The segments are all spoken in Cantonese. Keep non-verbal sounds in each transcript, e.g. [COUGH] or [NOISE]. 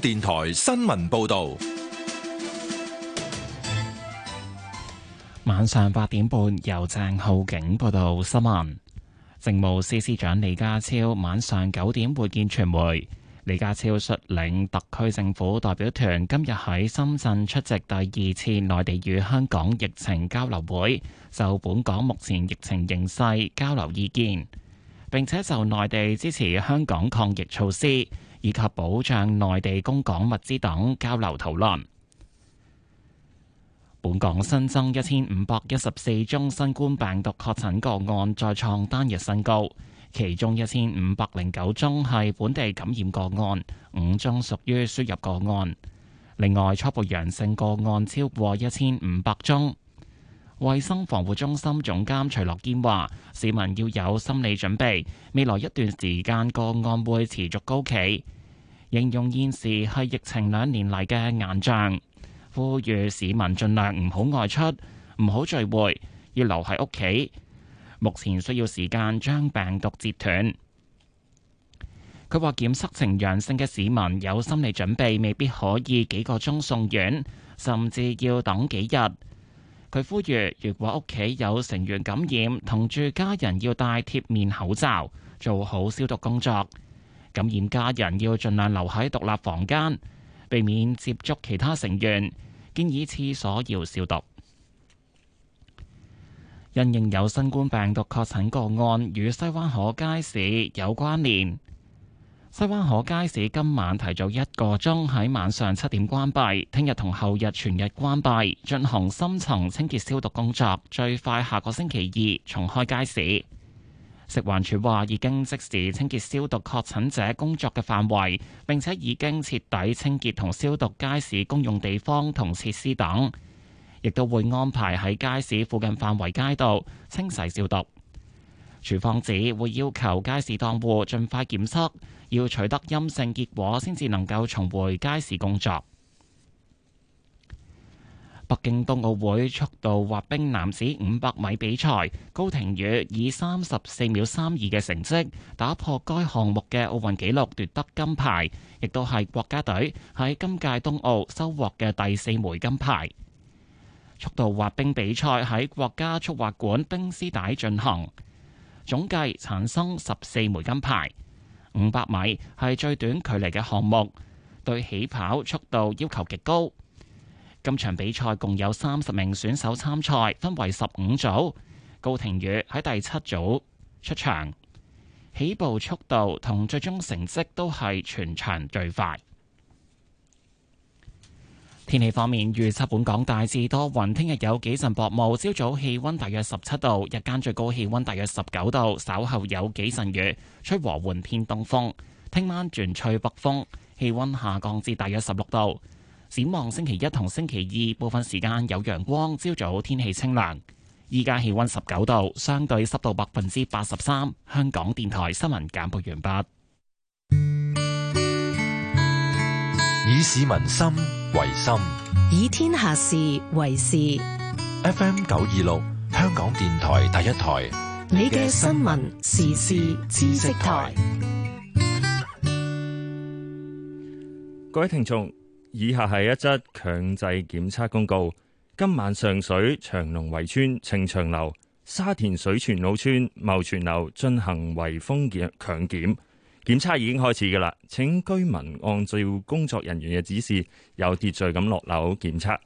電台新聞報道，晚上八點半由鄭浩景報道新聞。政務司司長李家超晚上九點會見傳媒。李家超率領特區政府代表團今日喺深圳出席第二次內地與香港疫情交流會，就本港目前疫情形勢交流意見，並且就內地支持香港抗疫措施。以及保障內地供港物資等交流討論。本港新增一千五百一十四宗新冠病毒確診個案，再創單日新高。其中一千五百零九宗係本地感染個案，五宗屬於輸入個案。另外，初步陽性個案超過一千五百宗。衛生防護中心總監徐樂堅話，市民要有心理準備，未來一段時間個案會持續高企，形容現時係疫情兩年嚟嘅硬仗，呼籲市民盡量唔好外出，唔好聚會，要留喺屋企。目前需要時間將病毒截斷。佢話檢測呈陽性嘅市民有心理準備，未必可以幾個鐘送院，甚至要等幾日。佢呼籲，如果屋企有成員感染，同住家人要戴貼面口罩，做好消毒工作。感染家人要盡量留喺獨立房間，避免接觸其他成員。建議廁所要消毒。因應有新冠病毒確診個案與西灣河街市有關聯。西灣河街市今晚提早一個鐘喺晚上七點關閉，聽日同後日全日關閉，進行深層清潔消毒工作，最快下個星期二重開街市。食環署話已經即時清潔消毒確診者工作嘅範圍，並且已經徹底清潔同消毒街市公用地方同設施等，亦都會安排喺街市附近範圍街道清洗消毒。廚房指會要求街市檔戶盡快檢測，要取得陰性結果先至能夠重回街市工作。北京冬奧會速度滑冰男子五百米比賽，高亭宇以三十四秒三二嘅成績打破該項目嘅奧運紀錄，奪得金牌，亦都係國家隊喺今屆冬奧收穫嘅第四枚金牌。速度滑冰比賽喺國家速滑館冰絲帶進行。總計產生十四枚金牌。五百米係最短距離嘅項目，對起跑速度要求極高。今場比賽共有三十名選手參賽，分為十五組。高庭宇喺第七組出場，起步速度同最終成績都係全場最快。天氣方面，預測本港大致多雲，聽日有幾陣薄霧，朝早氣溫大約十七度，日間最高氣溫大約十九度，稍後有幾陣雨，吹和緩偏東風，聽晚轉吹北風，氣溫下降至大約十六度。展望星期一同星期二部分時間有陽光，朝早天氣清涼。依家氣溫十九度，相對濕度百分之八十三。香港電台新聞簡報完畢。以市民心為心，以天下事為事。F M 九二六，香港電台第一台。你嘅新聞，時事，新聞時事知識台。各位聽眾，以下係一則強制檢測公告。今晚上水長龍圍村、慶祥樓、沙田水泉澳邨、茂泉樓進行圍封檢強檢。檢測已經開始㗎喇，請居民按照工作人員嘅指示，有秩序咁落樓檢測。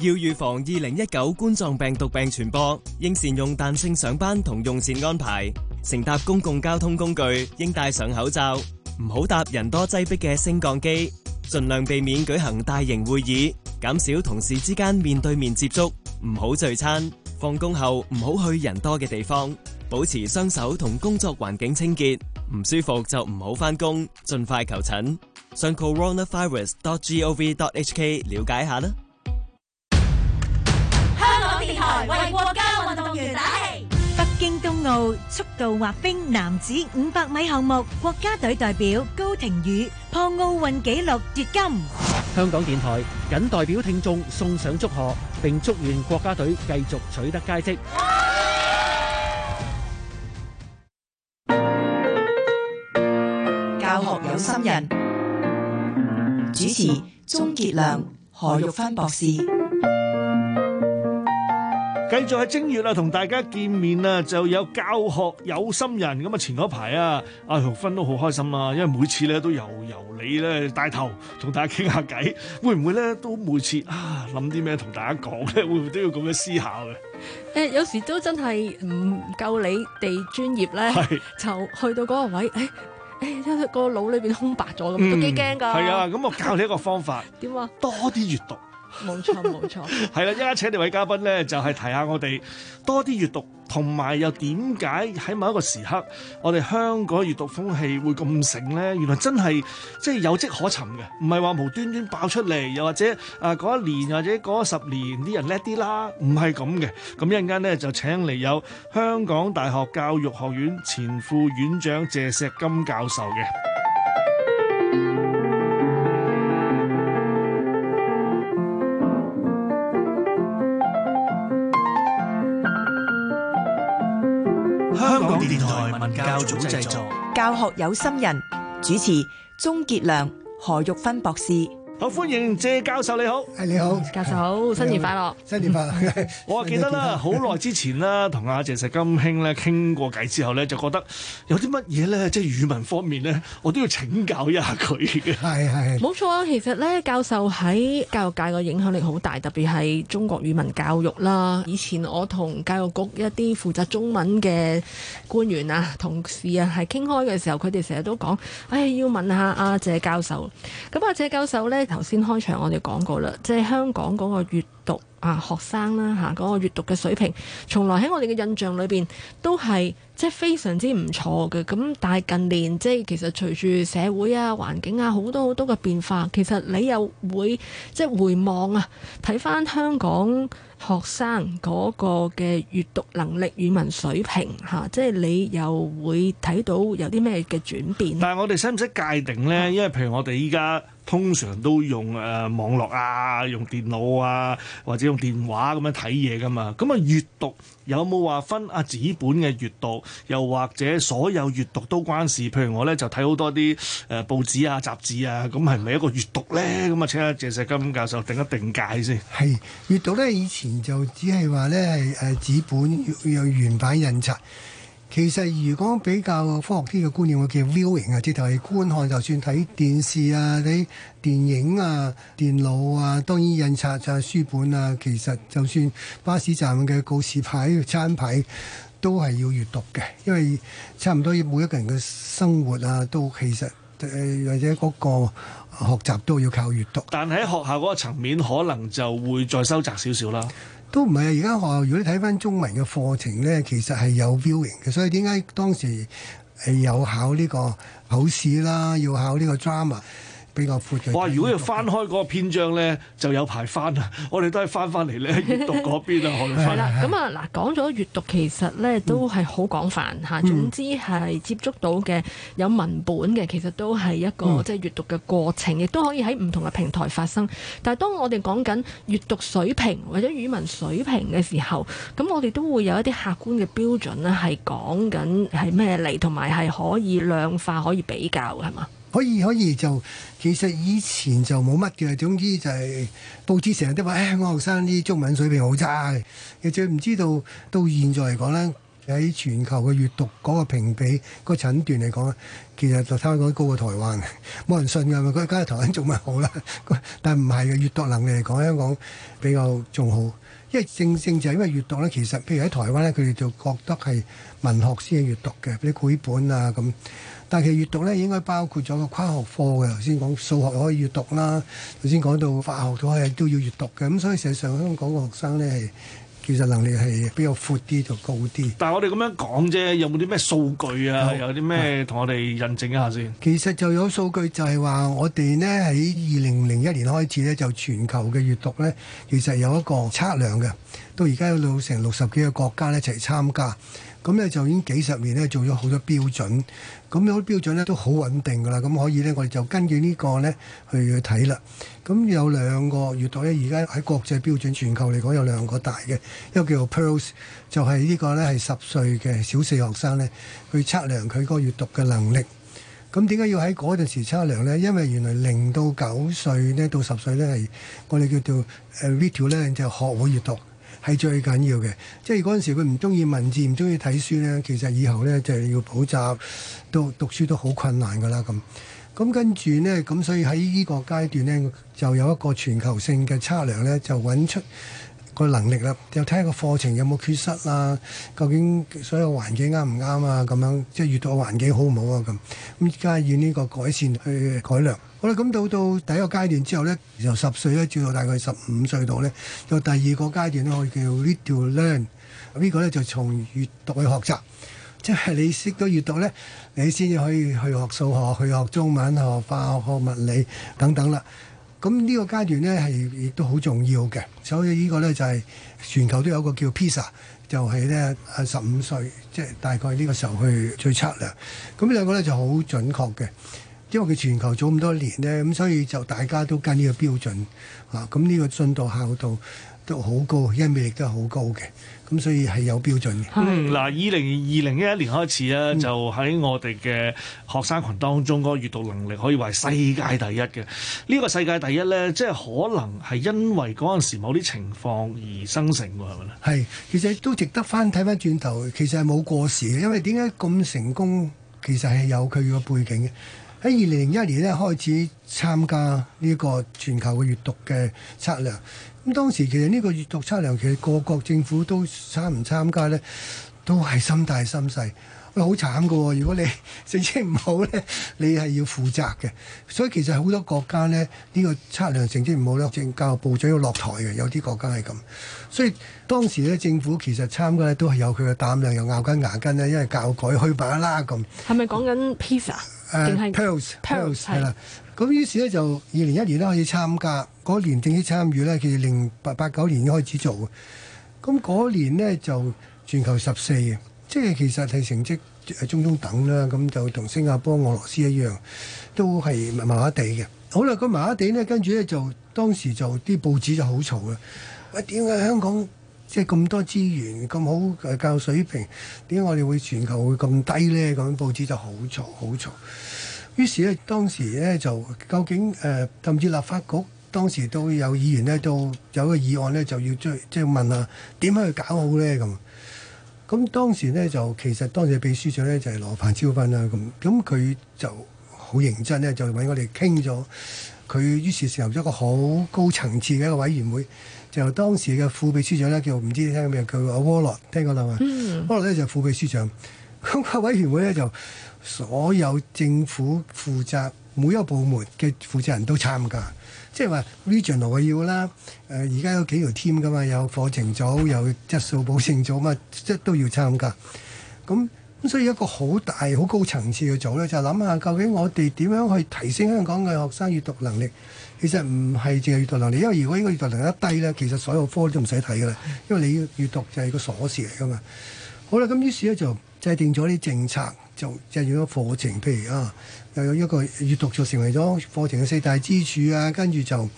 要預防二零一九冠狀病毒病傳播，應善用彈性上班同用膳安排。乘搭公共交通工具應戴上口罩，唔好搭人多擠迫嘅升降機，盡量避免舉行大型會議，減少同事之間面對面接觸，唔好聚餐。放工後唔好去人多嘅地方。保持雙手同工作環境清潔，唔舒服就唔好返工，盡快求診。上 coronavirus.gov.hk 了解下啦。香港電台為國家運動員打氣。北京冬奧速度滑冰男子500米項目國家隊代表高亭宇破奧運紀錄奪金。香港電台僅代表聽眾送上祝賀，並祝願國家隊繼續取得佳績。人主持鍾傑良何玉芬博士，繼續喺正月啦，同大家見面啦，就有教學有心人咁啊！前嗰排啊，阿玉芬都好開心啦，因為每次咧都由由你咧帶頭同大家傾下偈，會唔會咧都每次啊諗啲咩同大家講咧，會唔會都要咁樣思考嘅？誒、呃，有時都真係唔夠你哋專業咧，就去到嗰個位誒。個腦裏邊空白咗，咁，都幾驚噶係、嗯、啊，咁我教你一個方法。 [LAUGHS] 點啊？多啲閱讀。冇 [LAUGHS] 錯，冇錯。係 [LAUGHS] 啦，依家請呢位嘉賓咧，就係、是、提下我哋多啲閱讀，同埋又點解喺某一個時刻，我哋香港閱讀風氣會咁盛咧？原來真係即係有跡可尋嘅，唔係話無端端爆出嚟，又或者誒嗰、呃、一年或者嗰十年啲人叻啲啦，唔係咁嘅。咁一陣間咧就請嚟有香港大學教育學院前副院長謝錫金教授嘅。香港電台文教組製作，作，教學有心人主持，鍾杰良、何玉芬博士。好歡迎謝教授，你好，係你好，教授好，新年快樂， [LAUGHS] 新年快樂。我啊記得啦，好耐之前啦，同阿謝錫金兄咧傾過偈之後咧，就覺得有啲乜嘢咧，即係語文方面咧，我都要請教一下佢嘅。係係冇錯啊，其實咧，教授喺教育界嘅影響力好大，特別係中國語文教育啦。以前我同教育局一啲負責中文嘅官員啊、同事啊，係傾開嘅時候，佢哋成日都講，誒、哎、要問下阿、啊、謝教授。咁阿、啊、謝教授咧。頭先開場我哋講過啦，即係香港嗰個閱讀啊，學生啦吓，嗰個閱讀嘅水平，從來喺我哋嘅印象裏邊都係即係非常之唔錯嘅。咁但係近年即係其實隨住社會啊、環境啊好多好多嘅變化，其實你又會即係回望啊，睇翻香港學生嗰個嘅閱讀能力、語文水平吓、啊，即係你又會睇到有啲咩嘅轉變？但係我哋使唔使界定呢、啊？因為譬如我哋依家。通常都用誒、呃、網絡啊，用電腦啊，或者用電話咁樣睇嘢噶嘛。咁啊，閱讀有冇話分啊紙本嘅閱讀，又或者所有閱讀都關事？譬如我咧就睇好多啲誒、呃、報紙啊、雜誌啊，咁係咪一個閱讀咧？咁啊，請阿謝錫金教授定一定界先。係閱讀咧，以前就只係話咧係紙本有原版印刷。其實如果比較科學啲嘅觀念，我叫 viewing 啊，直頭係觀看。就算睇電視啊、睇電影啊、電腦啊，當然印刷啊、書本啊，其實就算巴士站嘅告示牌、餐牌，都係要閱讀嘅。因為差唔多要每一個人嘅生活啊，都其實誒或者嗰個學習都要靠閱讀。但喺學校嗰個層面，可能就會再收窄少少啦。都唔係啊！而家學校如果你睇翻中文嘅課程呢，其實係有 Viewing 嘅，所以點解當時係有考呢個考試啦，要考呢個 drama。比較闊嘅。哇！如果要翻開嗰個篇章呢，就有排翻啊！我哋都係翻翻嚟咧，閲讀嗰邊啊，學到翻。係啦，咁啊嗱，講咗閲讀其實呢都係好廣泛嚇、嗯，總之係接觸到嘅有文本嘅，其實都係一個即係閲讀嘅過程，亦、嗯、都可以喺唔同嘅平台發生。但係當我哋講緊閲讀水平或者語文水平嘅時候，咁我哋都會有一啲客觀嘅標準啦，係講緊係咩嚟，同埋係可以量化、可以比較嘅係嘛？可以，可以就其實以前就冇乜嘅，總之就係報紙成日都話、哎、我學生啲中文水平好差，其實唔知道到現在嚟講咧，喺全球嘅閱讀嗰個評比、個診斷嚟講咧，其實就差唔多高過台灣，冇人信㗎嘛，佢梗係台灣仲咪好啦，但唔係嘅閱讀能力嚟講，香港比較仲好。即係正正就係因為閱讀咧，其實譬如喺台灣咧，佢哋就覺得係文學先係閱讀嘅，啲繪本啊咁。但係其實閱讀咧應該包括咗個跨學科嘅，頭先講數學可以閱讀啦，頭先講到法學都係都要閱讀嘅。咁所以實際上香港嘅學生咧係，其實能力係比較闊啲就高啲，但我哋咁樣講啫，有冇啲咩數據啊？有啲咩同我哋印證一下先。其實就有數據就，就係話我哋呢喺二零零一年開始呢，就全球嘅閱讀呢，其實有一個測量嘅，到而家有成六十幾個國家一齊參加。咁咧就已經幾十年咧做咗好多標準，咁好多標準咧都好穩定㗎啦。咁可以咧，我哋就根據呢個咧去睇啦。咁有兩個閱讀咧，而家喺國際標準全球嚟講有兩個大嘅，一個叫做 Pearls，就係呢個咧係十歲嘅小四學生咧去測量佢個閱讀嘅能力。咁點解要喺嗰陣時測量咧？因為原來零到九歲咧到十歲咧係我哋叫做誒 read to 咧就學會閱讀。係最緊要嘅，即係嗰陣時佢唔中意文字，唔中意睇書呢。其實以後呢，就係要補習，都讀書都好困難㗎喇咁。咁跟住呢，咁所以喺呢個階段呢，就有一個全球性嘅測量呢，就揾出。個能力啦，又睇下個課程有冇缺失啊？究竟所有環境啱唔啱啊？咁樣即係閲讀環境好唔好啊？咁咁而家要呢個改善去改良。好啦，咁到到第一個階段之後呢，由十歲咧，至到大概十五歲度呢，到第二個階段咧，可以叫 read to learn。呢個呢，就從閲讀去學習，即係你識到閲讀呢，你先至可以去學數學、去學中文、學化學、學物理等等啦。咁呢個階段呢，亦都好重要嘅，所以呢個呢，就係、是、全球都有個叫 PISA，就係呢啊十五歲，即、就、係、是、大概呢個時候去最測量，咁兩個呢，就好準確嘅。因為佢全球做咁多年咧，咁所以就大家都跟呢個標準啊，咁、這、呢個信度效度都好高，吸引力都好高嘅，咁所以係有標準嘅。 [NOISE] 嗯，嗱，二零二零一一年開始咧，就喺我哋嘅學生群當中，嗰個閱讀能力可以話世界第一嘅。呢、嗯呢個世界第一咧，即、就、係、是、可能係因為嗰陣時某啲情況而生成，係咪咧？係，其實都值得翻睇翻轉頭，其實係冇過時嘅，因為點解咁成功，其實係有佢個背景嘅。喺二零零一年咧開始參加呢個全球嘅閱讀嘅測量，咁當時其實呢個閱讀測量其實各國政府都參唔參加呢，都係心大心細。好慘㗎喎，如果你成績唔好呢，你係要負責嘅。所以其實好多國家呢，呢個測量成績唔好呢，政教育部長要落台嘅，有啲國家係咁。所以當時呢，政府其實參加呢都係有佢嘅膽量，又咬緊牙根呢，因為教改去把啦咁。係咪講緊 PISA？p a r s p a r s 係啦。咁於是咧就二零一二都可以參加嗰年正式參與咧，其實零八八九年已開始做，咁嗰年呢，就全球十四嘅，即係其實係成績中中等啦。咁就同新加坡、俄羅斯一樣，都係麻麻地嘅。好啦，咁麻麻地呢，跟住呢，就當時就啲報紙就好嘈啦。喂，點解香港？即係咁多資源，咁好教育水平，點解我哋會全球會咁低呢？咁報紙就好嘈，好嘈。於是呢，當時呢，就究竟誒、呃，甚至立法局當時都有議員呢，都有個議案呢，就要追即係問啊，點樣去搞好呢？咁咁當時呢，就其實當時秘書長呢，就係羅范椒芬啦。咁咁佢就好認真呢，就揾我哋傾咗。佢於是成立咗一個好高層次嘅一個委員會。就當時嘅副秘書長咧，叫唔知你聽過未？叫阿沃洛，聽過啦嘛。沃洛咧就係、副秘書長，教育委員會咧就所有政府負責每一個部門嘅負責人都參加，即係話 regional 來要啦。誒、呃，而家有幾條 team 噶嘛，有課程組，有質素保證組咁啊，即係都要參加。咁咁所以一個好大、好高層次嘅組咧，就諗下究竟我哋點樣去提升香港嘅學生閱讀能力？其實唔係淨係閱讀能力，因為如果呢個閱讀能力一低呢，其實所有科都唔使睇噶啦。因為你閱讀就係個鎖匙嚟噶嘛。好啦，咁於是咧就制定咗啲政策，就制定咗課程，譬如啊，又有一個閱讀就成為咗課程嘅四大支柱啊。跟住就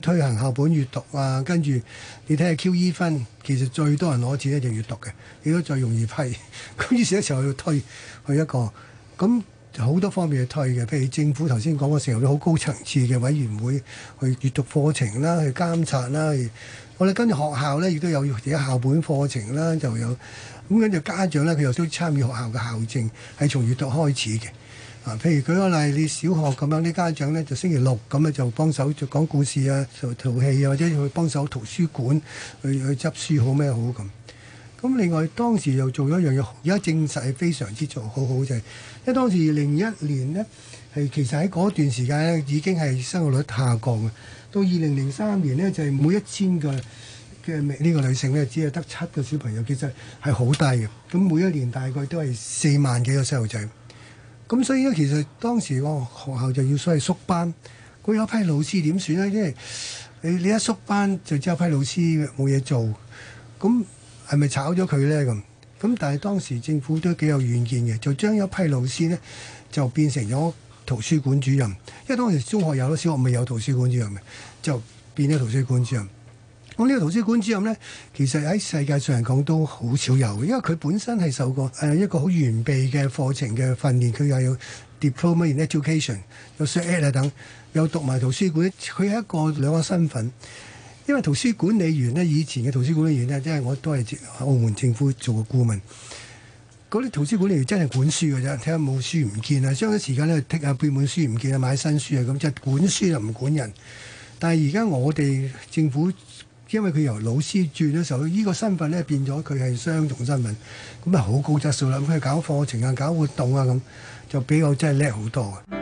推行校本閱讀啊。跟住你睇下 QE 分，其實最多人攞錢呢就閱讀嘅，亦都最容易批。咁、啊、於是咧就去推去一個咁。啊就好多方面去推嘅，譬如政府頭先講嘅時候，好高層次嘅委員會去閲讀課程啦，去監察啦。我哋跟住學校咧，亦都有自己校本課程啦，就有咁，跟住家長咧，佢又都參與學校嘅校政，係從閲讀開始嘅。啊，譬如舉個例，你小學咁樣啲家長咧，就星期六咁咧就幫手就講故事啊，就淘氣啊，或者去幫手圖書館去去執書好咩好咁。咁另外當時又做咗一樣嘢，而家證實係非常之做好好嘅，就係因為當時二零一年呢，其實喺嗰段時間呢已經係生育率下降到二零零三年呢，就係每一千個嘅呢個女性呢，只有得七個小朋友，其實係好低嘅。咁每一年大概都係四萬幾個細路仔。咁所以呢，其實當時個學校就要所謂縮班，佢有一批老師點算呢？因為你你一縮班就只有一批老師冇嘢做，咁。係咪炒咗佢呢？咁咁，但係當時政府都幾有遠見嘅，就將一批老師呢，就變成咗圖書館主任。因為當時中學有啦，小學咪有圖書館主任嘅，就變咗圖書館主任。咁呢個圖書館主任呢，其實喺世界上嚟講都好少有，因為佢本身係受過誒一個好完備嘅課程嘅訓練，佢又有 Diploma in Education，有 search 等，有讀埋圖書館，佢係一個兩個身份。因為圖書管理員呢，以前嘅圖書管理員呢，即係我都係澳門政府做過顧問。嗰啲圖書管理員真係管書嘅啫，睇下冇書唔見啊，將啲時間呢，剔下背本書唔見啊，買新書啊咁，即係管書又唔管人。但係而家我哋政府，因為佢由老師轉咗時候，呢、這個身份呢變咗，佢係雙重身份，咁啊好高質素啦。咁佢搞課程啊，搞活動啊，咁就比較真係叻好多。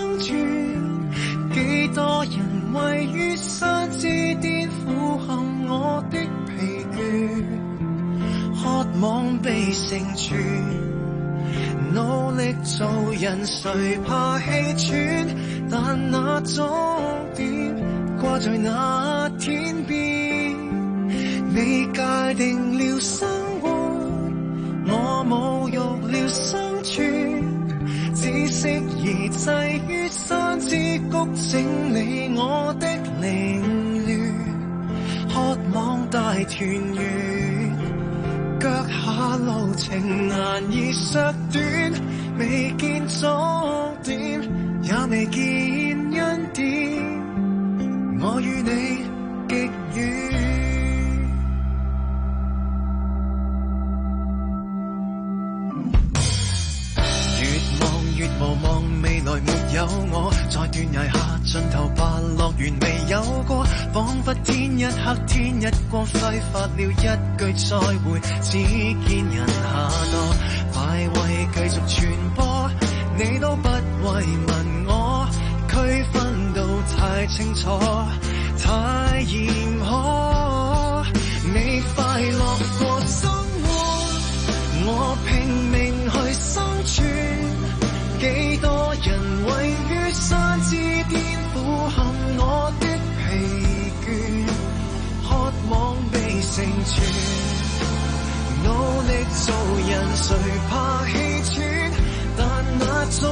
多人位於山之巔，俯瞰我的疲倦，渴望被成全。努力做人，誰怕氣喘？但那終點掛在那天邊，你界定了生活，我侮辱了生存。只適宜滯於山之谷，整理我的凌亂，渴望大團圓。腳下路程難以縮短，未見終點，也未見。天一黑，天一光，揮發了一句再會，只見人下落，快慰繼續傳播，你都不慰問我，區分到太清楚，太嚴苛。你快樂過生活，我拼命去生存。幾多人位於山之巔俯瞰我？生存，努力做人，誰怕氣喘？但那終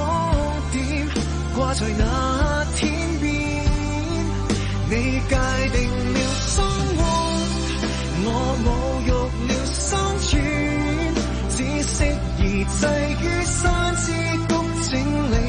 點掛在那天邊，你界定了生活，我侮辱了生存，只適宜寄於山之谷，整理。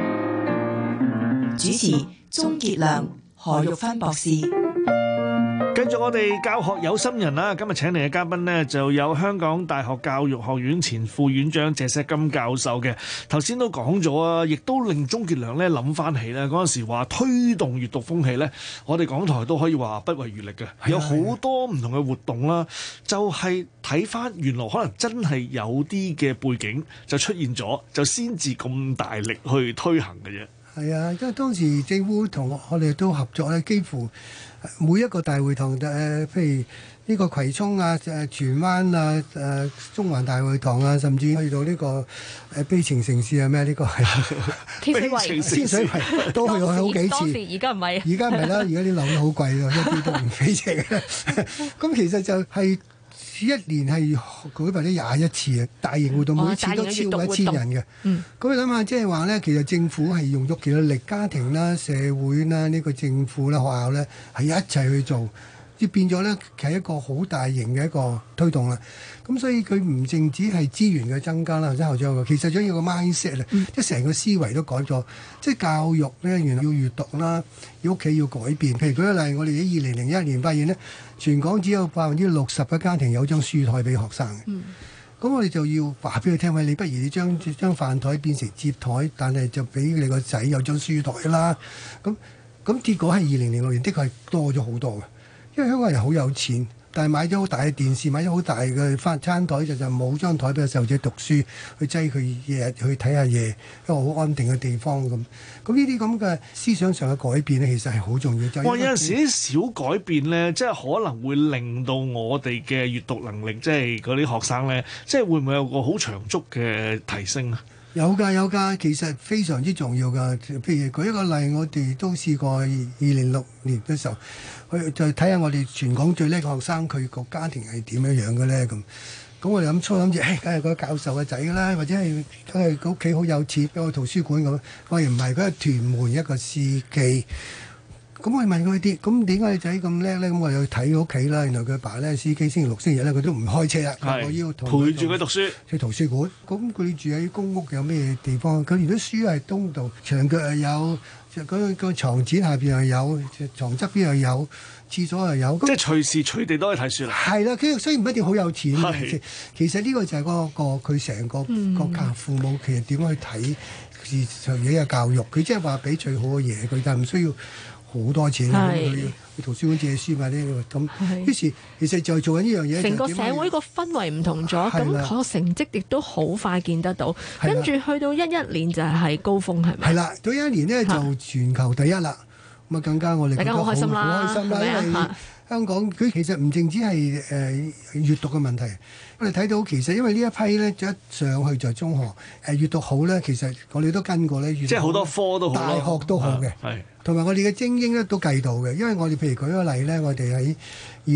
主持鍾杰良、何玉芬博士。繼續我哋教學有心人啦，今日請嚟嘅嘉賓呢，就有香港大學教育學院前副院長謝錫金教授嘅。頭先都講咗啊，亦都令鍾杰良咧諗翻起咧嗰陣時話推動閱讀風氣咧，我哋港台都可以話不遺餘力嘅，係。有好多唔同嘅活動啦，就係睇翻原來可能真係有啲嘅背景就出現咗，就先至咁大力去推行嘅啫。係啊，因為當時政府同我哋都合作咧，幾乎每一個大會堂誒、呃，譬如呢個葵涌啊、誒荃灣啊、誒中環大會堂啊，甚至去到呢、呢個誒、呃、悲情城市啊。咩、呢個？呢個係天水圍，都去咗好幾次。而家唔係，而家唔係啦，而家啲樓都好貴咯，一啲都唔悲情。咁 [LAUGHS] [LAUGHS] 其實就係、係。一年係舉辦啲廿一次嘅大型活動，每一次都超過一千人嘅。咁你諗下，即係話咧，其實政府係用咗幾多力，家庭啦、社會啦、呢個政府啦、學校咧，係一齊去做，即係變咗咧，係一個好大型嘅一個推動啊。咁所以佢唔淨止係資源嘅增加啦，或者後者嘅，其實仲要個 mindset 啊、嗯，即係成個思維都改咗。即係教育咧，原來要閱讀啦，要屋企要改變。譬如舉個例，我哋喺二零零一年發現咧。全港只有百分之六十嘅家庭有張書台俾學生嘅，咁、嗯、我哋就要話俾佢聽，喂，你不如你將將飯台變成折台，但係就俾你個仔有張書台啦。咁咁結果喺二零零六年的確係多咗好多嘅，因為香港人好有錢。但係買咗好大嘅電視，買咗好大嘅翻餐台，就就冇張台俾個細路仔讀書，去擠佢日去睇下嘢，一個好安定嘅地方咁。咁呢啲咁嘅思想上嘅改變咧，其實係好重要。有陣時小改變咧，即係可能會令到我哋嘅閱讀能力，即係嗰啲學生咧，即係會唔會有個好長足嘅提升啊？有噶有噶，其實非常之重要噶。譬如舉一個例，我哋都試過二零六年嘅時候，去再睇下我哋全港最叻嘅學生，佢個家庭係點樣樣嘅咧咁。咁我哋諗初諗住，梗係、哎、個教授嘅仔啦，或者係梗係佢屋企好有錢，俾個圖書館咁。發現唔係，佢係屯門一個司機。咁我問佢啲，咁點解仔咁叻咧？咁我又去睇屋企啦。原來佢爸咧司機星期六星期日咧，佢都唔開車啦。我要陪住佢讀書，去圖書館。咁佢住喺公屋有咩地方？佢如果書喺東度，牆腳又有，就嗰個牀墊下邊又有，床側邊又有，有，廁所又有。即係隨時隨地都可以睇書啦。係啦，佢雖然唔一定好有錢。係，其實呢個就係嗰、那個佢成個國家、嗯、父母其實點去睇呢樣嘢嘅教育。佢即係話俾最好嘅嘢佢，就唔需要。好多錢去去圖書館借書埋啲咁，於是其實就係做緊呢樣嘢。成個社會個氛圍唔同咗，咁、啊嗰個成績亦都好快見得到。跟住去到一一年就係高峰，係咪？係啦，到一一年呢，就全球第一啦。咁啊，更加我哋大家好開心，好開心啦開心、啊！因為香港佢其實唔淨止係誒閱讀嘅問題。我哋睇到，其實因為呢一批咧，一上去就係中學誒，閱讀好咧，其實我哋都跟過咧，即係好多科都好，大學都好嘅，係、啊。同埋我哋嘅精英咧都計到嘅，因為我哋譬如舉個例咧，我哋喺二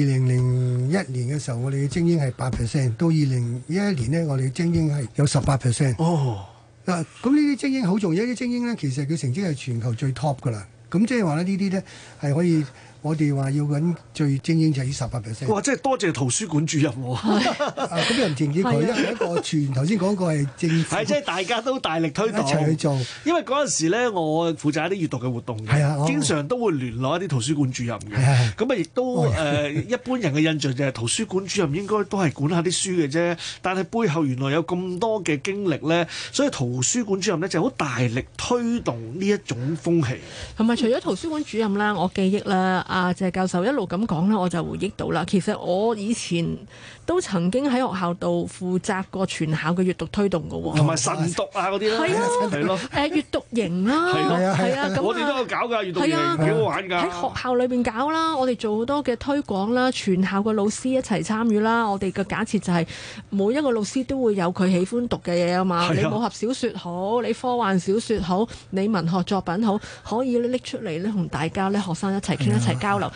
零零一年嘅時候，我哋嘅精英係八 percent，到二零一一年咧，我哋嘅精英係有十八 percent。哦。嗱，咁呢啲精英好重要，啲精英咧其實佢成績係全球最 top 㗎喇。咁即係話咧，呢啲咧係可以。我哋話要揾最精英，就係呢十八 percent 哇！即係多謝圖書館主任喎、啊，咁多人敬意佢，因為 [LAUGHS] 一個全頭先講過係政府，係 [LAUGHS] 即係大家都大力推動一齊去做。因為嗰陣時咧，我負責一啲閱讀嘅活動嘅、啊，經常都會聯絡一啲圖書館主任嘅。咁啊，亦、嗯、都誒、 [LAUGHS] 呃、一般人嘅印象就係圖書館主任應該都係管下啲書嘅啫，但係背後原來有咁多嘅經歷咧，所以圖書館主任咧就好、是、大力推動呢一種風氣。同、嗯、埋，除咗圖書館主任啦，我記憶啦。啊，謝教授一路咁講啦，我就回憶到啦。其實我以前，都曾經喺學校度負責過全校嘅閱讀推動㗎喎、哦，同埋晨讀啊嗰啲咯，係咯、啊，誒、啊嗯嗯、閱讀營啦，係啊係啊， [LAUGHS] 是啊 [LAUGHS] 啊啊啊啊啊我哋都有搞㗎，閱讀營幾、啊啊、好玩㗎、啊！喺學校裏面搞啦，我哋做好多嘅推廣啦，全校嘅老師一齊參與啦。我哋嘅假設就係每一個老師都會有佢喜歡讀嘅嘢啊嘛，你武俠小説好，你科幻小説好，你文學作品好，可以拎出嚟咧同大家咧學生一齊傾、啊、一齊交流。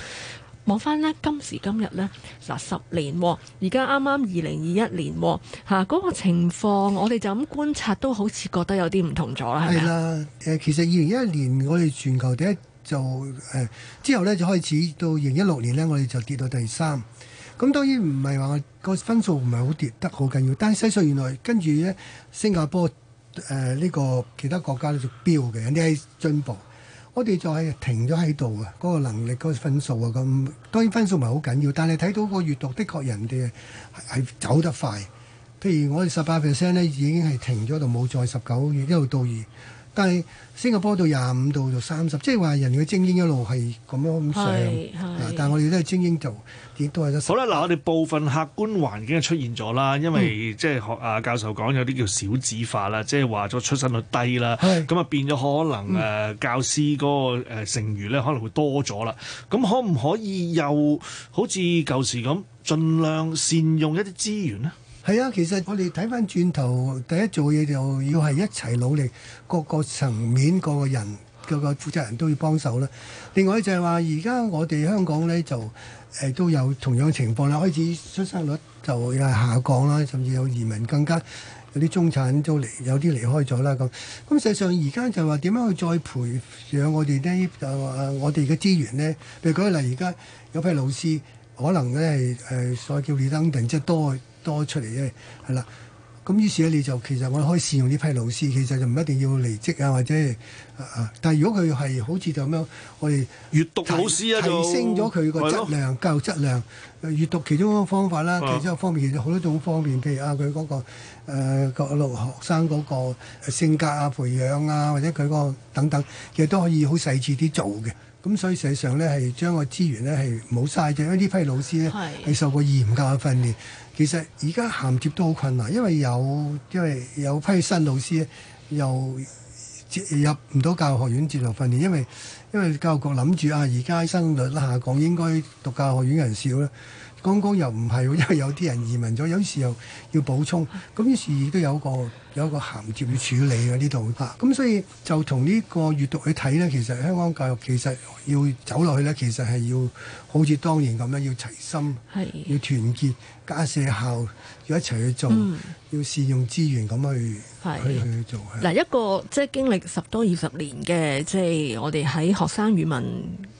講翻呢，今時今日呢，嗱、啊、十年，而家啱啱二零二一年，嚇、啊、嗰、嗰個情況，我哋就咁觀察都好似覺得有啲唔同咗啦，係咪？係啦，誒、呃，其實二零一一年我哋全球第一就誒、呃，之後呢就開始到二零一六年呢，我哋就跌到第三。咁當然唔係話個分數唔係好跌得好緊要，但係細數原來跟住呢，新加坡誒呢、呃這個其他國家都做標嘅，有啲係進步。 [NOISE] [NOISE] 我哋就係停咗喺度啊！嗰個能力、嗰個分數啊，咁當然分數唔係好緊要，但係睇到個閱讀的確人哋係走得快。譬如我哋十八 percent 咧，已經係停咗度冇再十九月一路到二。但係新加坡到廿五度到三十，即係話人嘅精英一路係咁樣咁上，是是但係我哋都係精英就亦都係得。好啦，嗱，我哋部分客觀環境係出現咗啦，因為、嗯、即係學啊教授講有啲叫少子化啦，即係話咗出生率低啦，咁啊變咗可能誒、嗯、教師嗰個誒剩餘咧可能會多咗啦。咁可唔可以又好似舊時咁，盡量善用一啲資源呢？係啊，其實我哋睇翻轉頭，第一做嘢就要係一齊努力，各個層面、各個人、各個負責人都要幫手啦。另外就係話，而家我哋香港呢，就誒都有同樣情況啦，開始出生率就係下降啦，甚至有移民更加有啲中產都離，有啲離開咗啦咁。咁實際上而家就話點樣去再培養我哋呢？就我哋嘅資源呢，譬如講，例如而家有批老師，可能呢係誒所叫年輕人即係多。多出嚟，因為係啦，咁於是咧你就其實我哋可以試用呢批老師，其實就唔一定要離職啊，或者啊啊、呃，但係如果佢係好似就咁樣，我哋閱讀老師提升咗佢個質量的，教育質量，誒，閱讀其中一個方法啦，其中一個方面其實好多種方面，譬如啊、那個，佢嗰個誒各路學生嗰個性格啊、培養啊，或者佢嗰個等等，其實都可以好細緻啲做嘅。咁所以實際上咧係將個資源咧係冇嘥啫，因為呢批老師咧係受過嚴格嘅訓練。其實而家銜接都好困難，因為有因為有批新老師又接入唔到教育學院接受訓練，因為因為教育局諗住啊，而家生率下降，應該讀教育學院人少啦。剛剛又唔係，因為有啲人移民咗，有時又要補充，咁於是都有個。有一個銜接要處理嘅呢度，啊，咁所以就從呢個閱讀去睇咧，其實香港教育其實要走落去咧，其實係要好似當年咁樣要齊心，係要團結家社校，要一齊去做、嗯，要善用資源咁去去去做。嗱，一個即係、就是、經歷十多二十年嘅即係我哋喺學生語文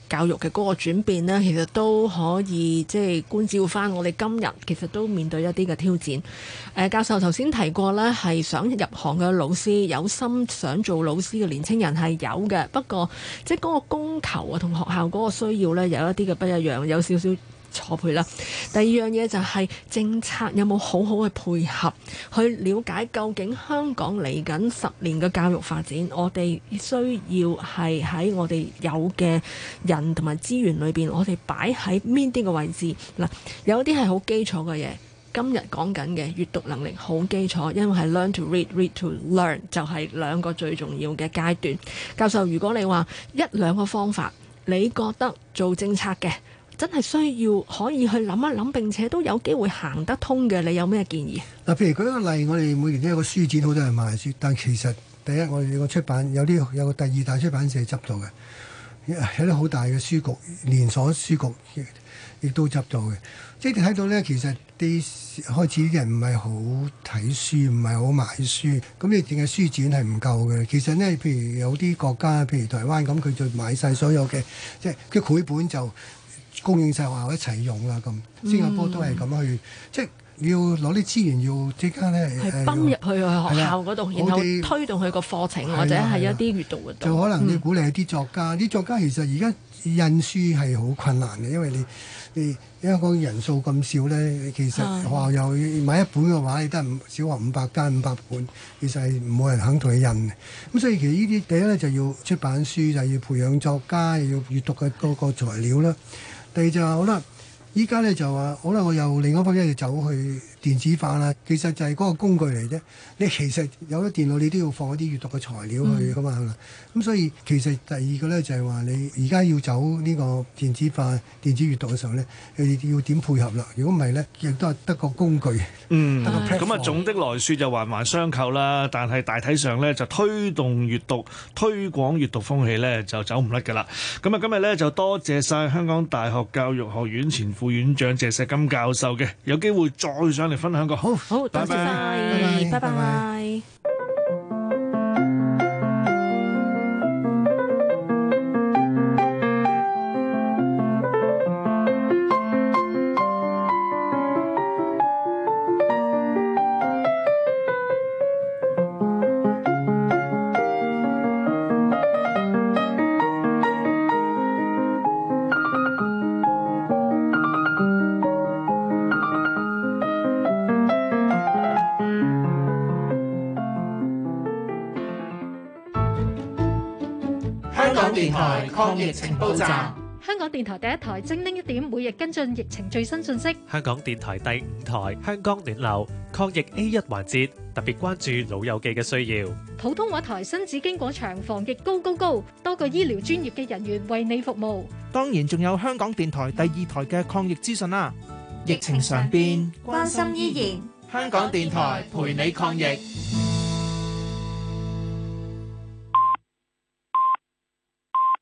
教育嘅嗰個轉變咧，其實都可以即係、就是、觀照翻我哋今日其實都面對一啲嘅挑戰。誒、呃、教授頭先提過咧係想。入行嘅老師，有心想做老師嘅年青人係有嘅，不過即係嗰個供求啊，同學校嗰個需要呢，有一啲嘅不一樣，有少少錯配啦。第二樣嘢就係、是、政策有冇好好去配合，去了解究竟香港嚟緊十年嘅教育發展，我哋需要係喺我哋有嘅人同埋資源裏邊，我哋擺喺邊啲嘅位置嗱？有啲係好基礎嘅嘢。今日講緊嘅閱讀能力好基礎，因為係 learn to read, read to learn 就係兩個最重要嘅階段。教授，如果你話一兩個方法，你覺得做政策嘅真係需要可以去諗一諗，並且都有機會行得通嘅，你有咩建議？嗱，譬如舉一個例，我哋每年都有個書展，好多人賣書，但其實第一，我哋個出版有啲有一個第二大出版社執到嘅，有啲好大嘅書局、連鎖書局。亦都執到嘅，即係你睇到咧，其實啲開始啲人唔係好睇書，唔係好買書，咁你淨係書展係唔夠嘅。其實呢，譬如有啲國家，譬如台灣咁，佢就買晒所有嘅，即係佢繪本就供應晒學校一齊用啦。咁新加坡都係咁去，即係你要攞啲資源要即刻呢係奔入去學校嗰度，然後推動佢個課程或者係一啲閱讀活動。就可能要鼓勵一啲作家，啲、嗯、作家其實而家印書係好困難嘅，因為你。你香港人數咁少咧，其實學校又買一本嘅話，你得唔小學五百加五百本，其實係冇人肯同你印嘅。咁所以其實呢啲第一咧就要出版書，就要培養作家，又要閲讀嘅嗰個材料啦。第二就是、好啦，依家咧就話好啦，我由另一方面就走去。電子化啦，其實就係嗰個工具嚟啫。你其實有咗電腦，你都要放一啲閲讀嘅材料去㗎嘛。咁、嗯嗯、所以其實第二個咧就係話你而家要走呢個電子化、電子閲讀嘅時候咧，你要點配合啦？如果唔係咧，亦都係得個工具，得個 plan。咁啊，總的來說就環環相扣啦。但係大體上咧就推動閲讀、推廣閲讀風氣咧就走唔甩㗎啦。咁啊，今日咧就多謝晒香港大學教育學院前副院長謝錫金教授嘅有機會再上。你分享個好，多謝晒，拜拜。抗疫情報站，香港電台第一台精靈一點，每日跟進疫情最新信息。香港電台第五台，香港暖流抗疫 A 一環節，特別關注老友記嘅需要。普通話台新紫荊廣場防疫高高高，多個醫療專業嘅人員為你服務。當然仲有香港電台第二台嘅抗疫資訊啦。疫情常變，關心依然。香港電台陪你抗疫。